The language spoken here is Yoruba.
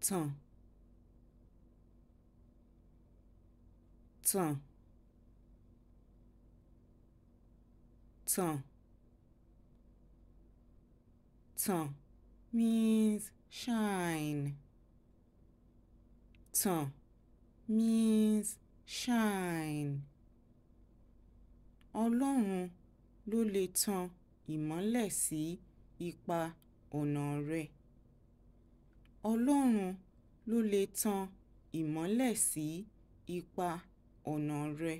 tàn tàn tàn tàn means shine tàn means shine ọlọ́run ló lè tan ìmọ́lẹ̀ sí ipa ọ̀nà rẹ. Ọlọ́run ló lè tan ìmọ́lẹ̀ sí ipa ọ̀nà rẹ̀.